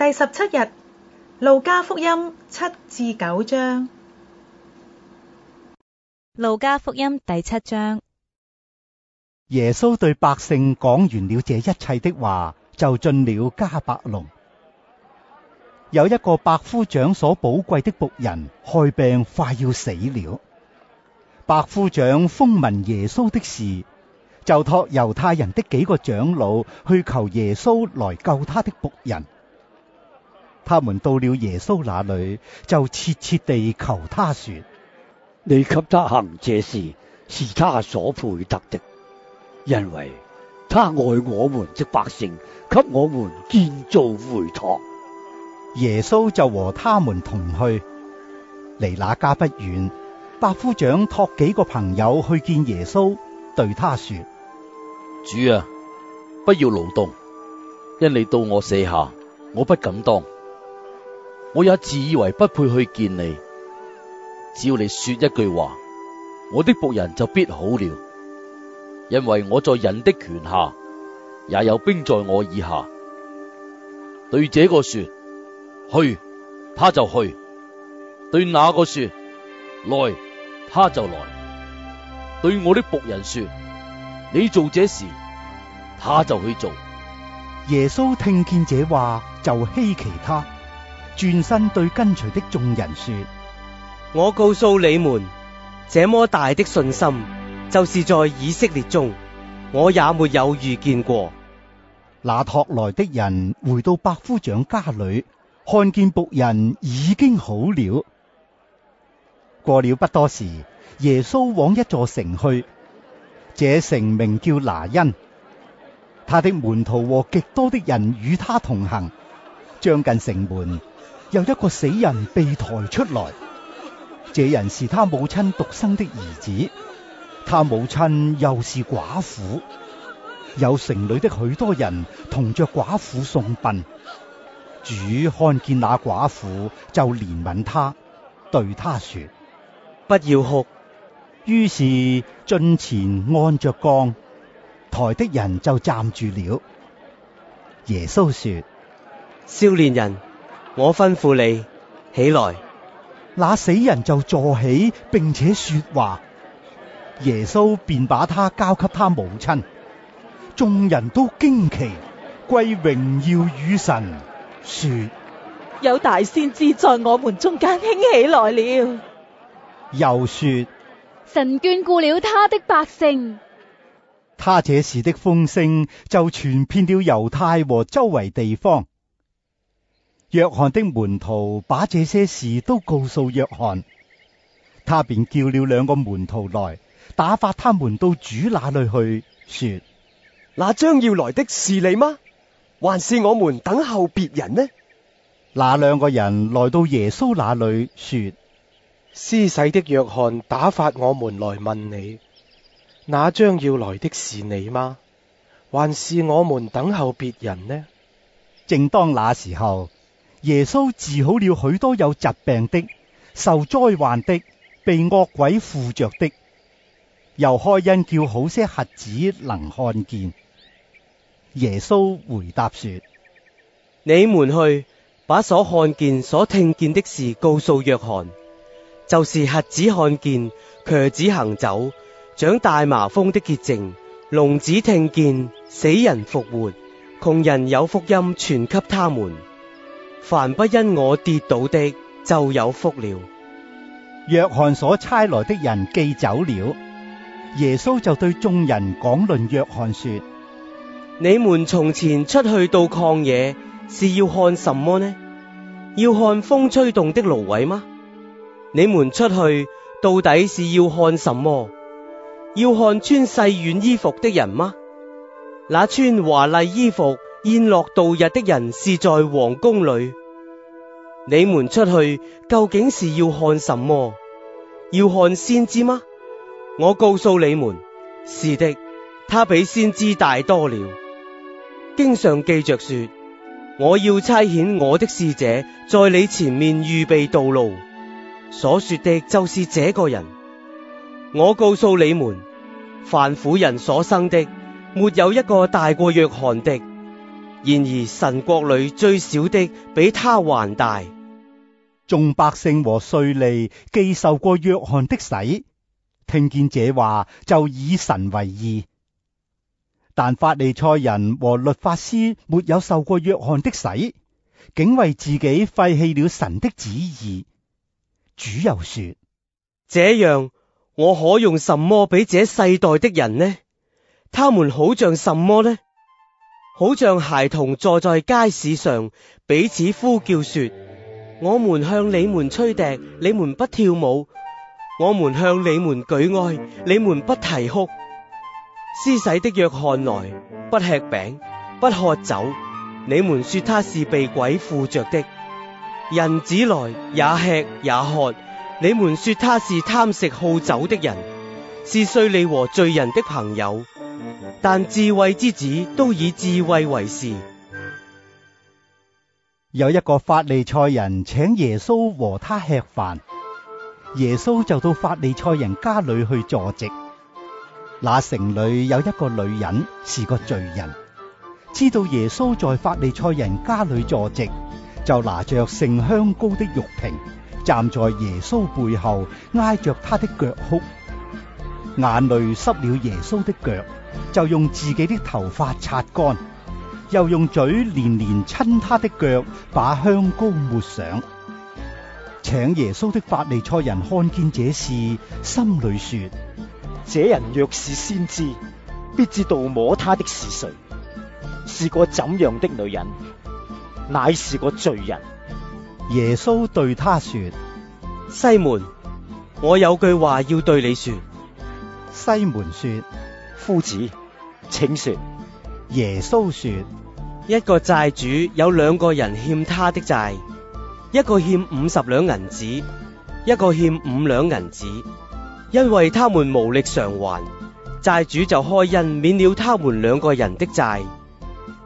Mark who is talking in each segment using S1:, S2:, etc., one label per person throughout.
S1: 第十七日路加福音七至九章，路加福音
S2: 第七章，耶穌對百姓講完了這一切的話，就進了迦百農。有一個百夫長所寶貴的僕人害病，快要死了。百夫長風聞耶穌的事，就託猶太人的幾個長老去求耶穌來救他的僕人。他們到了耶穌那裏，就切切地求他說：你給他行這事，是他所配得的，因為他愛我們的百姓，給我們建造會堂。耶穌就和他們同去，離那家不遠，百夫長託幾個朋友去見耶穌，對他說：主啊，不要勞動，因你到我舍下，我不敢當。我也自以為不配去見你，只要你說一句話，我的僕人就必好了，因為我在人的權下，也有兵在我以下。對這個說去，他就去；對那個說來，他就來。對我的僕人說，你做這事，他就去做。耶
S1: 穌聽見這話，就希奇他。轉身對跟隨的眾人說：我告訴你們，這麼大的信心，就是在以色列中，我也沒有遇見過。那託來
S2: 的人回到百夫長家裏，看見僕人已經好了。過了不多時，耶穌往一座城去，這城名叫拿因。他的門徒和極多的人與他同行。將近城門。有一個死人被抬出來，這人是他母親獨生的兒子，他母親又是寡婦，有城裏的許多人同着寡婦送殯。主看見那寡婦，就憐憫他，對他說：不要哭。於是進前按着槓，抬的人就站住了。
S1: 耶穌說：少年人。我吩咐你起來，那死人就坐起，並且說話。耶穌
S2: 便把他交給他母親。眾人都驚奇，歸榮耀與神，說：
S1: 有大先知在我們中間興起來了。
S2: 又說：神眷顧了他的百姓。他這事的風聲就傳遍了猶太和周圍地方。約翰的門徒把這些事都告訴約翰，他便叫了兩個門徒來，打發他們到主那裏去，說：那將要來的是你嗎？還是我們等候別人呢？那兩個人來到耶穌那裏，說：施洗的約翰打發我們來問你，那將要來的是你嗎？還是我們等候別人呢？正當那時候。耶穌治好了許多有疾病的、受災患的、被惡鬼附着的，又開
S1: 恩叫好些瞎子能看見。耶穌回答說：你們去把所看見、所聽見的事告訴約翰，就是瞎子看見、瘸子行走、長大麻風的潔淨、聾子聽見、死人復活、窮人有福音傳給他們。凡不因我跌倒的，就有福了。約翰所差來的人既走了，耶穌就對眾人講論約翰說：你們從前出去到曠野是要看什麼呢？要看風吹動的蘆葦嗎？你們出去到底是要看什麼？要看穿細軟衣服的人嗎？那穿華麗衣服？宴樂度日的人是在皇宮裏，你們出去，究竟是要看什麼？要看先知嗎？我告訴你們，是的，他比先知大多了。經常記着說，我要差遣我的使者在你前面預備道路。所說的就是這個人。我告訴你們，凡婦人所生的，沒有一個大過約翰的。然而神國裏最小的比他還大，眾百姓
S2: 和稅吏既受過約翰的洗，聽見這話，就以神為義。但法利賽人和律法師沒有受過約翰的洗，竟為自己廢棄了神的旨意。
S1: 主又說：這樣我可用什麼比這世代的人呢？他們好像什麼呢？好像孩童坐在街市上，彼此呼叫說：我們向你們吹笛，你們不跳舞；我們向你們舉哀，你們不啼哭。施洗的約翰來，不吃餅，不喝酒，你們說他是被鬼附着的。人子來，也吃也喝，你們說他是貪食好酒的人，是稅吏和罪人的朋友。但智慧之子都以智慧為是。
S2: 有一個法利賽人請耶穌和他吃飯，耶穌就到法利賽人家裏去坐席。那城裏有一個女人是個罪人，知道耶穌在法利賽人家裏坐席，就拿着盛香膏的玉瓶，站在耶穌背後挨着他的腳哭。眼淚濕了耶穌的腳，就用自己的頭髮擦乾，又用嘴連連親他的腳，把香膏抹上。請耶穌的法利賽人看見這事，心裏說：這人若是先知，必知道摸他的是誰，是個怎樣的女人，乃是個罪人。耶穌對他說：
S1: 西門，我有句話要對你說。西門說：夫子，請說。耶穌說：一個債主有兩個人欠他的債，一個欠五十兩銀子，一個欠五兩銀子，因為他們無力償還，債主就開恩免了他們兩個人的債。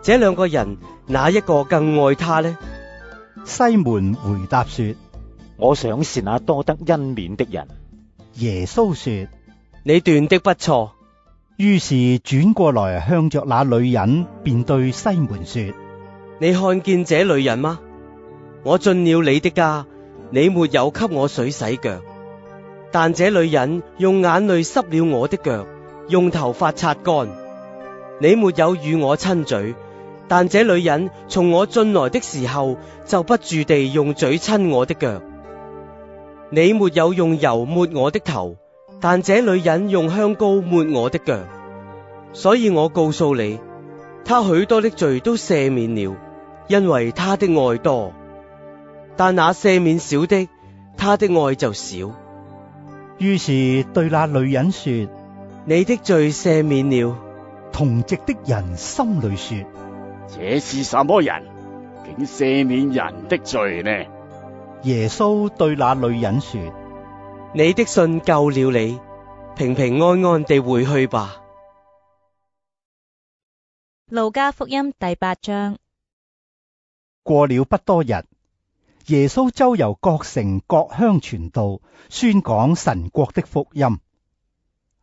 S1: 這兩個人，哪一個更愛他呢？西門回答說：我想是那多得恩免的人。耶穌說。你斷的不錯，
S2: 於是轉過來向着那女人，便對西門說：
S1: 你看見這女人嗎？我進了你的家，你沒有給我水洗腳，但這女人用眼淚濕了我的腳，用頭髮擦乾。你沒有與我親嘴，但這女人從我進來的時候就不住地用嘴親我的腳。你沒有用油抹我的頭。但這女人用香膏抹我的腳，所以我告訴你，她許多的罪都赦免了，因為她的愛多。但那赦免少的，她的愛就少。於是對那女人說：你的
S2: 罪赦免了。同席的人心裏說：這是什麼人，竟赦免人的罪呢？
S1: 耶穌對那女人說，你的信救了你，平平安安地回去吧。
S2: 路加福音第八章。過了不多日，耶穌周遊各城各鄉傳道，宣講神國的福音。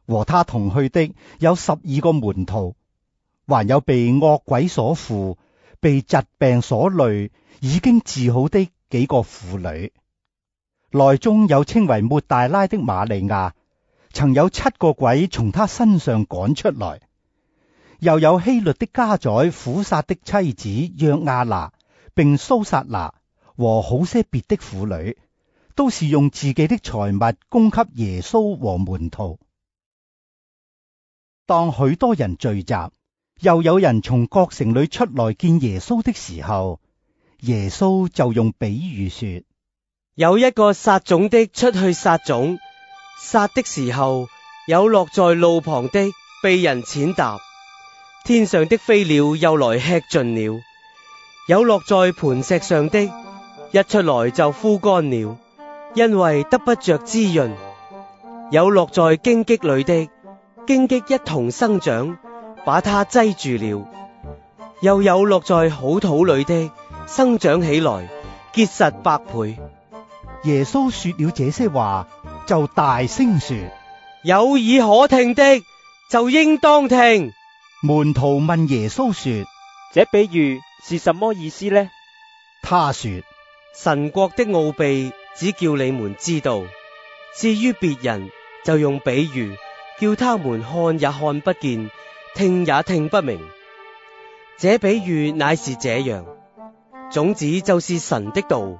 S2: 和他同去的有十二個門徒，還有被惡鬼所附，被疾病所累、已經治好的幾個婦女。內中有稱為抹大拉的瑪利亞，曾有七個鬼從她身上趕出來，又有希律的家宰苦撒的妻子約亞拿、並蘇撒拿，和好些別的婦女，都是用自己的財物供給耶穌和門徒。當許多人聚集，又有人從各城裏出來見耶穌
S1: 的時候，耶穌就用比喻說。有一個撒種的出去撒種，撒的時候，有落在路旁的，被人踐踏；天上的飛鳥又來吃盡了。有落在磐石上的，一出來就枯乾了，因為得不着滋潤。有落在荊棘裏的，荊棘一同生長，把它擠住了。又有落在好土裏的，生長起來，結實百倍。耶穌說了這些話，就大聲說：有耳可聽的，就應當聽。門徒問耶穌說：這比喻是什麼意思呢？他說：神國的奧秘只叫你們知道，至於別人，就用比喻叫他們看也看不見，聽也聽不明。這比喻乃是這樣，種子就是神的道。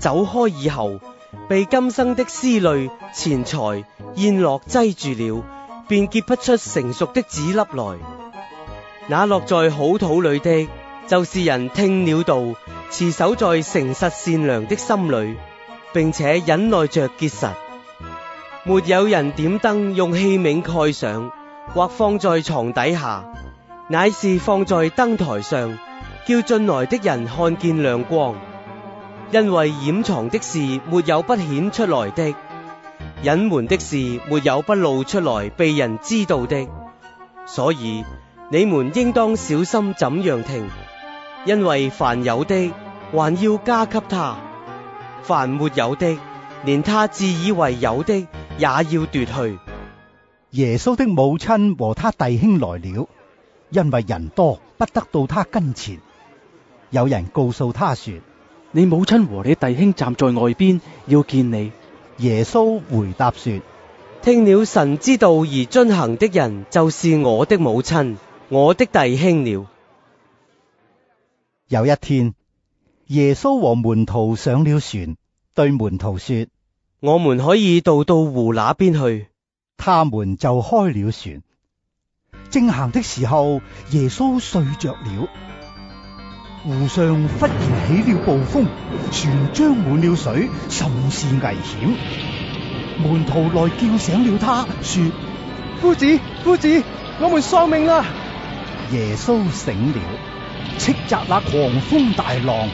S1: 走開以後，被今生的思慮、錢財、宴樂擠住了，便結不出成熟的籽粒來。那落在好土裏的，就是人聽了道，持守在誠實善良的心裏，並且忍耐着結實。沒有人點燈，用器皿蓋上，或放在床底下，乃是放在燈臺上，叫進來的人看見亮光。因為掩藏的事沒有不顯出來的，隱瞞的事沒有不露出來被人知道的。所以你們應當小心怎樣聽，因為凡有的還要加給他，凡沒有的連他自以為有的也要奪去。
S2: 耶穌的母親和他弟兄來了，因為人多不得到他跟前。有
S1: 人告訴他說。你母親和你弟兄站在外邊要見你。耶穌回答說：聽了神之道而遵行的人，就是我的母親、我的弟兄了。有一
S2: 天，耶穌和門徒上了船，對門徒說：我們
S1: 可以渡到湖那邊去。
S2: 他們就開了船，正行的時候，耶穌睡着了。湖上忽然起了暴風，船將滿了水，甚是危險。門徒內叫醒了他，說：夫子，夫子，我們喪命啦、啊！耶穌醒了，斥責那狂風大浪，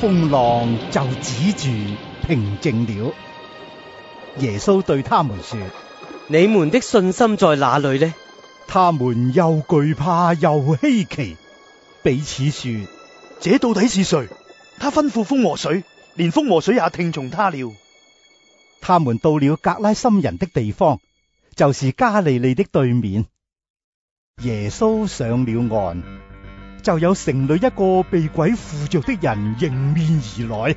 S2: 風浪就止住，平靜了。耶穌對他們說：你們的信心在哪裏呢？他們又懼怕又稀奇，彼此說：這到底是誰？他吩咐風和水，連風和水也聽從他了。他們到了格拉森人的地方，就是加利利的對面。耶穌上了岸，就有城裏一個被鬼附着的人迎面而來。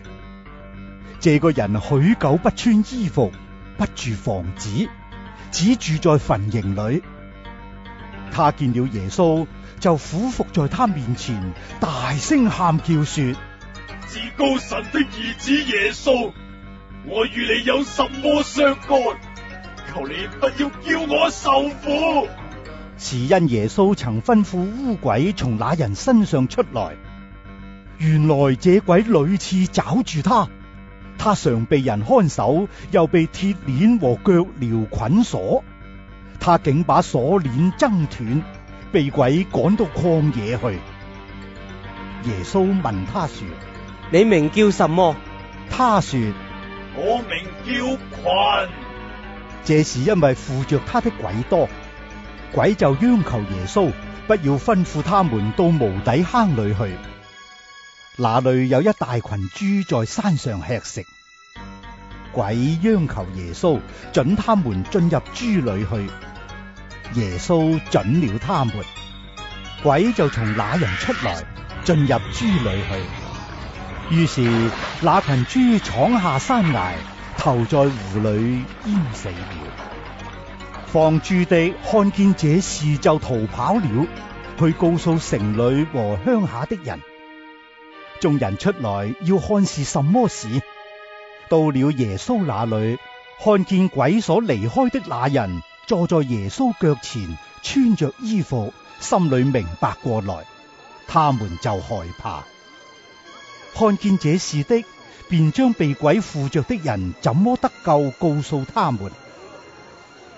S2: 這個人許久不穿衣服，不住房子，只住在墳塋裏。他見了耶穌。就俯伏在他面前，大聲喊叫說：至高神的兒子耶穌，我與你有什麼相干？求你不要叫我受苦。是因耶穌曾吩咐污鬼從那人身上出來。原來這鬼屢次抓住他，他常被人看守，又被鐵鏈和腳鐐捆鎖。他竟把鎖鏈掙斷。被鬼趕到曠野去，耶穌問他說：你名叫什麼？他說：我名叫群。這是因為附着他的鬼多，鬼就央求耶穌不要吩咐他們到無底坑裏去，那裏有一大群豬在山上吃食，鬼央求耶穌準他們進入豬裏去。耶穌准了他們，鬼就從那人出來，進入豬裏去。於是那群豬闖下山崖，投在湖裏淹死了。放豬的，看見這事就逃跑了，去告訴城裏和鄉下的人。眾人出來要看是什麼事。到了耶穌那裏，看見鬼所離開的那人。坐在耶穌腳前，穿着衣服，心裏明白過來，他們就害怕。看見這事的，便將被鬼附着的人怎麼得救，告訴他們。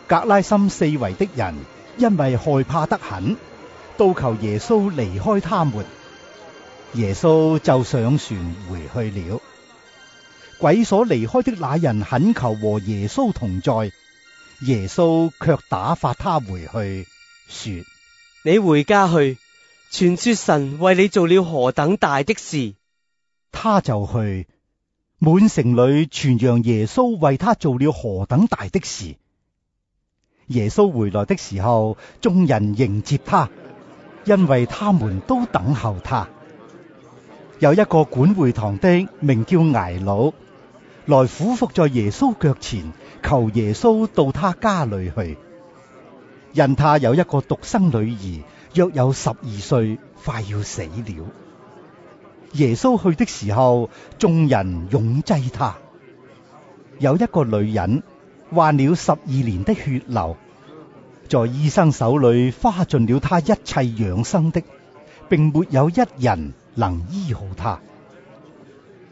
S2: 格拉森四圍的人因為害怕得很，都求耶穌離開他們。耶穌就上船回去了。鬼所離開的那人懇求和耶穌同在。耶穌卻打發他回去，
S1: 說：你回家去，傳說神為你做了何等大的事。
S2: 他就去，滿城裏傳揚耶穌為他做了何等大的事。耶穌回來的時候，眾人迎接他，因為他們都等候他。有一個管會堂的，名叫睚魯，來俯伏在耶穌腳前。求耶穌到他家裏去，因他有一個獨生女兒，約有十二歲，快要死了。耶穌去的時候，眾人擁擠他。有一個女人患了十二年的血流，在醫生手裏花盡了她一切養生的，並沒有一人能醫好她。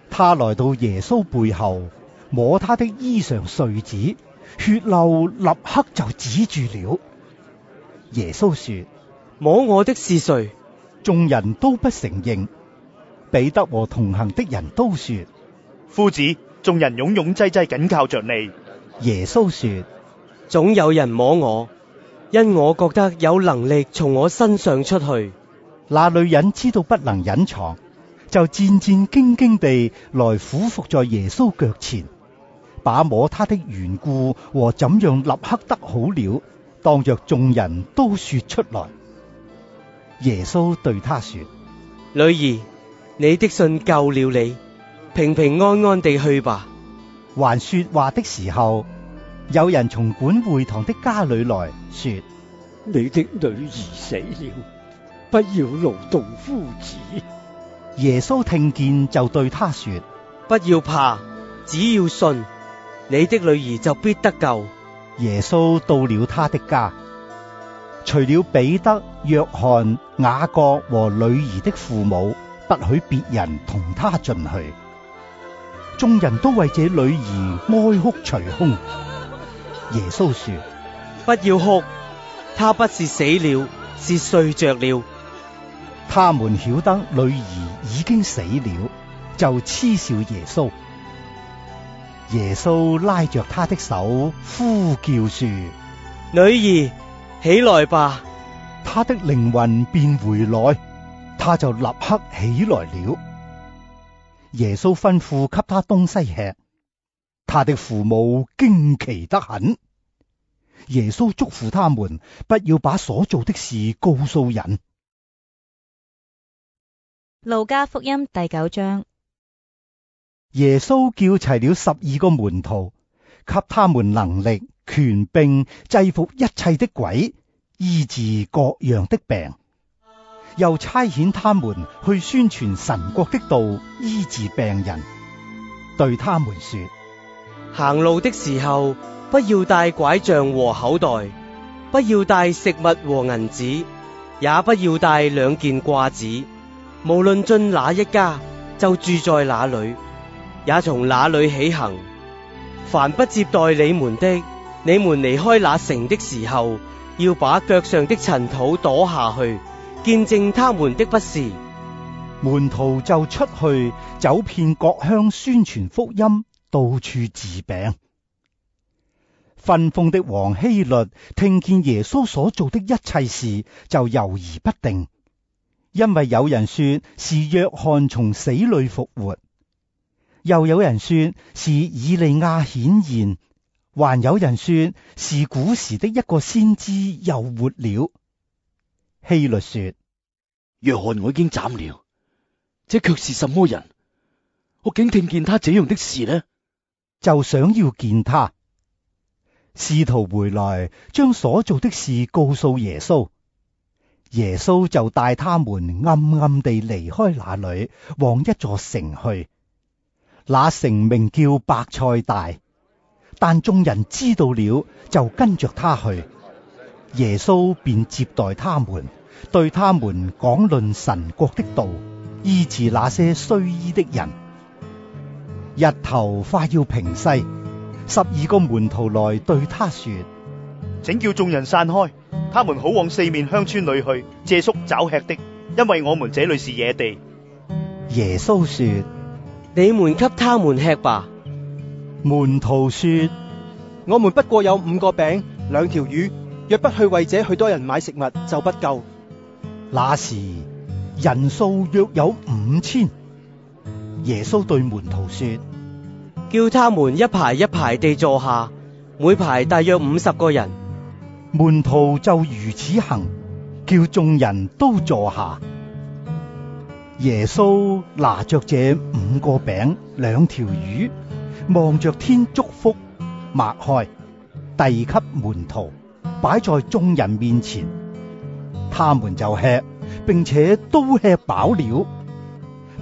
S2: 她來到耶穌背後。摸他的衣裳碎子，血漏立刻就止住了。耶穌說：摸我的是誰？眾人都不承認。彼得和同行的人都說：夫子，眾人擁擁擠擠緊靠着
S1: 你。耶穌說：總有人摸我，因我覺得有能力從我身上出去。那女人知道不能隱藏，
S2: 就戰戰兢兢地來俯伏在耶穌腳前。把摸他的緣故和怎樣立刻得好了，當着眾人都
S1: 說出來。耶穌對他說：女兒，你的信救了你，平平安安地去吧。還說話的
S2: 時候，有人從管會堂的家裏來說：你的女兒死了，不要勞動夫子。耶穌聽見就對他說：不要怕，只要信。你
S1: 的女兒就必得救。
S2: 耶穌到了他的家，除了彼得、約翰、雅各和女兒的父母，不許別人同他進去。眾人都為這女兒哀哭捶胸。耶穌說：不要哭，她不是死
S1: 了，是
S2: 睡着了。他們曉得女兒已經死了，就嗤笑耶穌。耶穌拉着他的手呼叫說：女兒起來吧！他的靈魂便回來，他就立刻起來了。耶穌吩咐給他東西吃，他的父母驚奇得很。耶穌祝福他們不要把所做的事告訴人。路加福音第九章。耶穌叫齊了十二個門徒，給他們能力、權柄，制服一切的鬼，醫治各樣的病。又差遣他們去宣傳神國
S1: 的道，醫治病人。對他們說：行路的時候，不要帶拐杖和口袋，不要帶食物和銀紙，也不要帶兩件褂子。無論進哪一家，就住在哪裏。也從那裏起行。凡不接待你們的，你們離開那城的時候，要把腳上的塵土跺下去，見證他們的不是。
S2: 門徒就出去，走遍各鄉，宣傳福音，到處治病。分封的王希律聽見耶穌所做的一切事，就游移不定，因為有人說是約翰從死裏復活。又有人說是以利亞顯現，還有人說是古時的一個先知又活了。希律說：約翰我已經斬了，這卻是什麼人？我竟聽見他這樣的事呢？就想要見他，使徒回來將所做的事告訴耶穌。耶穌就帶他們暗暗地離開那裏，往一座城去。那城名叫白菜大，但眾人知道了就跟着他去。耶穌便接待他們，對他們講論神國的道，醫治那些需醫的人。日頭快要平西，十二個門徒來對他說：請叫眾人散開，他們好往四面鄉村裏去借宿找吃的，因為我們這裏是野地。
S1: 耶穌說。你們給他們吃吧。門徒說：我們不過有五個餅，兩條魚，若不去為者許多人買食物，
S2: 就不夠。那時人數約有五千。
S1: 耶穌對門徒說：叫他們一排一排地坐下，每排大約五十個人。門徒就如此行，
S2: 叫眾人都坐下。耶穌拿着這五個餅，兩條魚，望着天祝福，擘開遞給門徒，擺在眾人面前。他們就吃，並且都吃飽了，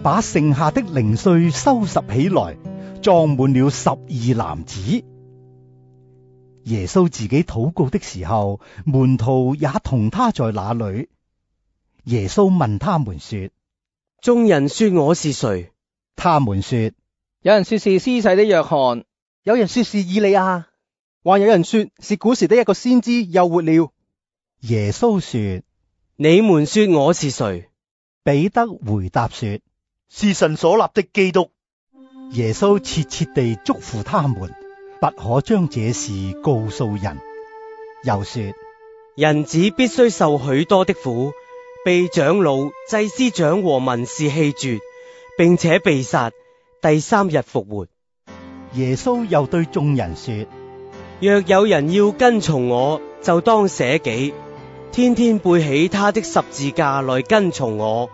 S2: 把剩下的零碎收拾起來，裝滿了十二籃子。耶穌自己禱告的時候，門徒也同他在那裡。耶穌問他們說：眾人說我是誰？他們說，有說：有人說是施洗的約翰，有人說是以利
S1: 亞，還有人說是古時的一個先知又活了。耶穌說：你們說我是誰？彼得回答說：
S2: 是神所立的基督。耶穌切切地囑咐他們，不可將這事告訴人。又說：
S1: 人子必須受許多的苦。被長老、祭司長和文士棄絕，並且被殺。第三日復活。耶穌又對眾人說：若有人要跟從我，就當捨己，天天背起他的十字架來跟從我。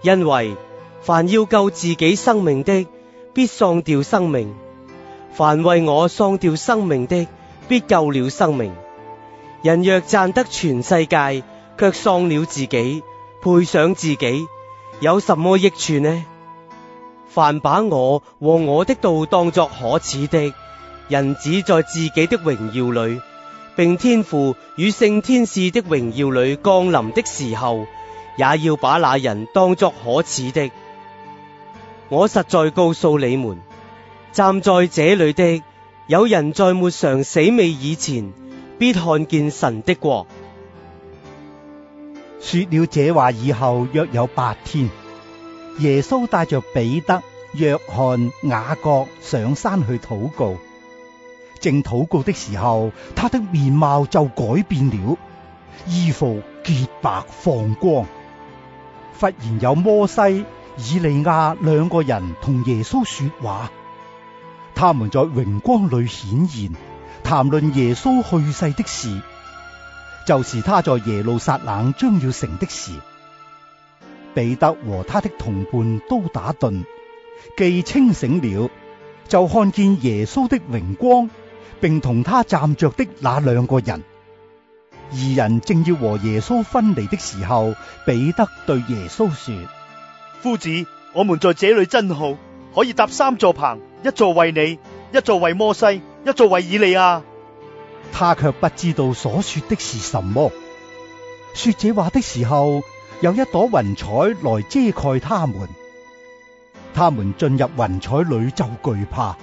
S1: 因為凡要救自己生命的，必喪掉生命；凡為我喪掉生命的，必救了生命。人若賺得全世界，卻喪了自己，賠上自己，有什麼益處呢？凡把我和我的道當作可恥的，人子在自己的榮耀裏，並天父與聖天使的榮耀裏降臨的時候，也要把那人當作可恥的。我實在告訴你們，站在這裏的有人在沒嘗死味以前，必看見神的國。說了這話以後，約有八天，耶穌帶
S2: 着彼得、約翰、雅各上山去禱告。正禱告的時候，他的面貌就改變了，衣服潔白放光。忽然有摩西、以利亞兩個人同耶穌說話，他們在榮光裏顯現，談論耶穌去世的事。就是他在耶路撒冷將要成的事，彼得和他的同伴都打盹，既清醒了，就看見耶穌的榮光，並同他站着的那兩個人。二人正要和耶穌分離的時候，彼得對耶穌說，夫子，我們在這裏真好，可以搭三座棚，一座為你，一座為摩西，一座為以利亞。他卻不知道所說的是什麼。說這話的時候，有一朵雲彩來遮蓋他們。他們進入雲彩裏就懼怕。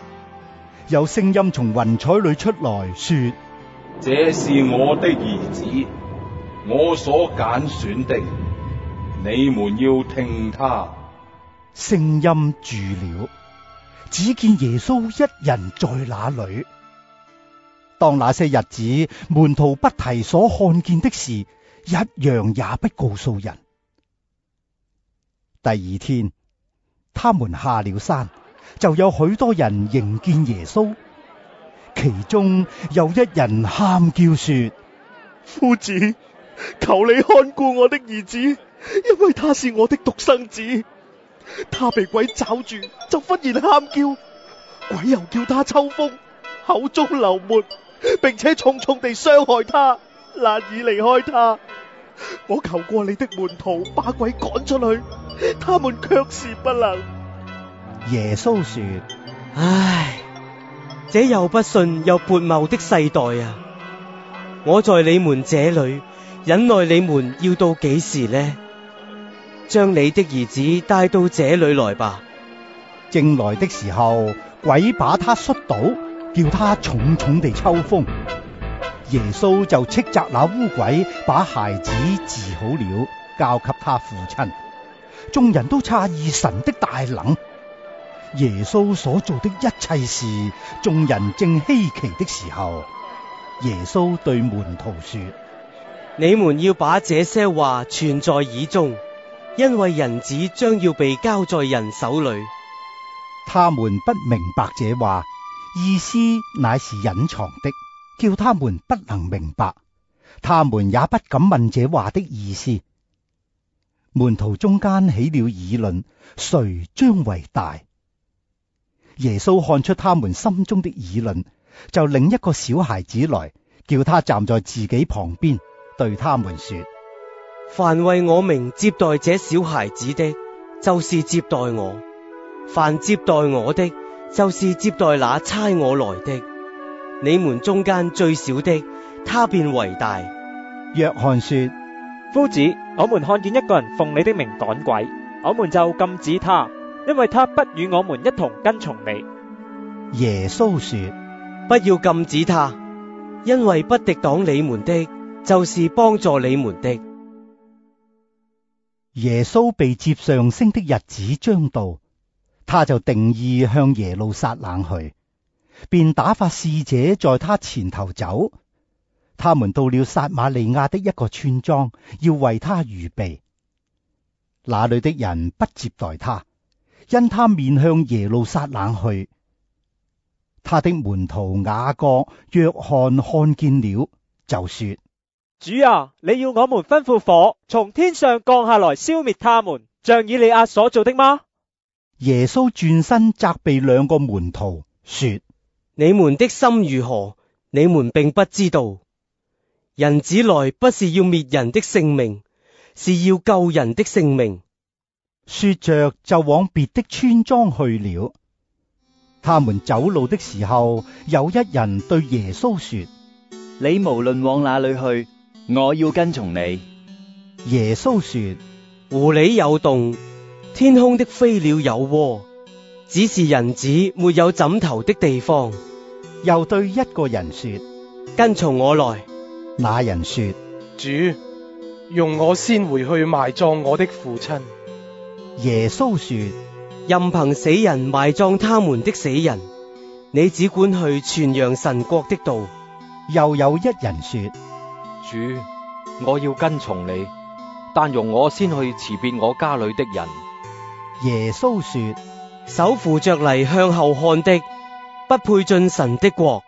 S2: 有聲音從雲彩裏出來，說：
S1: 這是我的兒子，我
S2: 所揀選的，你們要聽他。聲音住了，只見耶穌一人在那裏。當那些日子，門徒不提所看見的事，一樣也不告訴人。第二天，他們下了山，就有許多人迎見耶穌。其中有一人喊叫說：夫子，求你看顧我的兒子，因為他是我的獨生子。他被鬼抓住，就忽然喊叫，鬼又叫他抽風，口中流沫。並且重重地傷害他，難以離開他。我求過你的門徒把鬼趕出去，他們卻是不能。
S1: 耶穌說：唉，這又不信又悖謬的世代啊！我在你們這裏忍耐你們要到幾時呢？將你的兒子帶到這裏來吧。正來的時候，鬼把他摔倒。叫他重
S2: 重地抽風，耶穌就斥責那污鬼，把孩子治好了，交給他父親。眾人都詫異神的大能，耶穌所做的一切事，眾人正稀奇
S1: 的時候，耶穌對門徒說：你們要把這些話存在耳中，因為人子將要被交在人手裏。
S2: 他們不明白這話。意思乃是隱藏的，叫他們不能明白，他們也不敢問這話的意思。門徒中間起了議論，誰將為大？耶穌看出他們心中的議論，就領一個小孩子來，叫他站在自己旁邊，對他
S1: 們說：凡為我名接待這小孩子的，就是接待我；凡接待我的，就是接待那差我來的，你們中間最小的，他便為大。
S2: 約翰說：
S1: 夫子，我們看見一個人奉你的名趕鬼，我們就禁止他，因為他不與我們一同跟從你。耶穌說：不要禁止他，因為不敵擋你們的，就是幫助你們的。
S2: 耶穌被接上升的日子將到。他就定意向耶路撒冷去，便打發使者在他前頭走。他們到了撒瑪利亞的一個村莊，要為他預備。那裏的人不接待他，因他面向耶路撒冷去。他的門徒雅各、約翰看，看見了，就說：
S1: 主啊，你要我們吩咐火從天上降下來，消滅他們，像以利亞所做的嗎？耶穌轉身責備兩個門徒，說：你們的心如何，你們並不知道。人子來不是要滅人的性命，是要救人的性命。說着就往別
S2: 的村莊去了。他們走路的時候，有一人對耶穌
S1: 說：你無
S2: 論往哪裏去，我要跟從你。
S1: 耶穌說：狐狸有洞。天空的飛鳥有窩，只是人子沒有枕頭的地方。又對一個人說：跟從我來。那人說：主，
S2: 容我
S1: 先回去埋葬我的父親。
S2: 耶穌說：
S1: 任憑死人埋葬他們的死人，你只管去傳揚神國的道。又有一人說：主，我要跟從你，但容我先去辭別我家裏的人。耶穌說，手扶着犁向後看的，不配進神的國。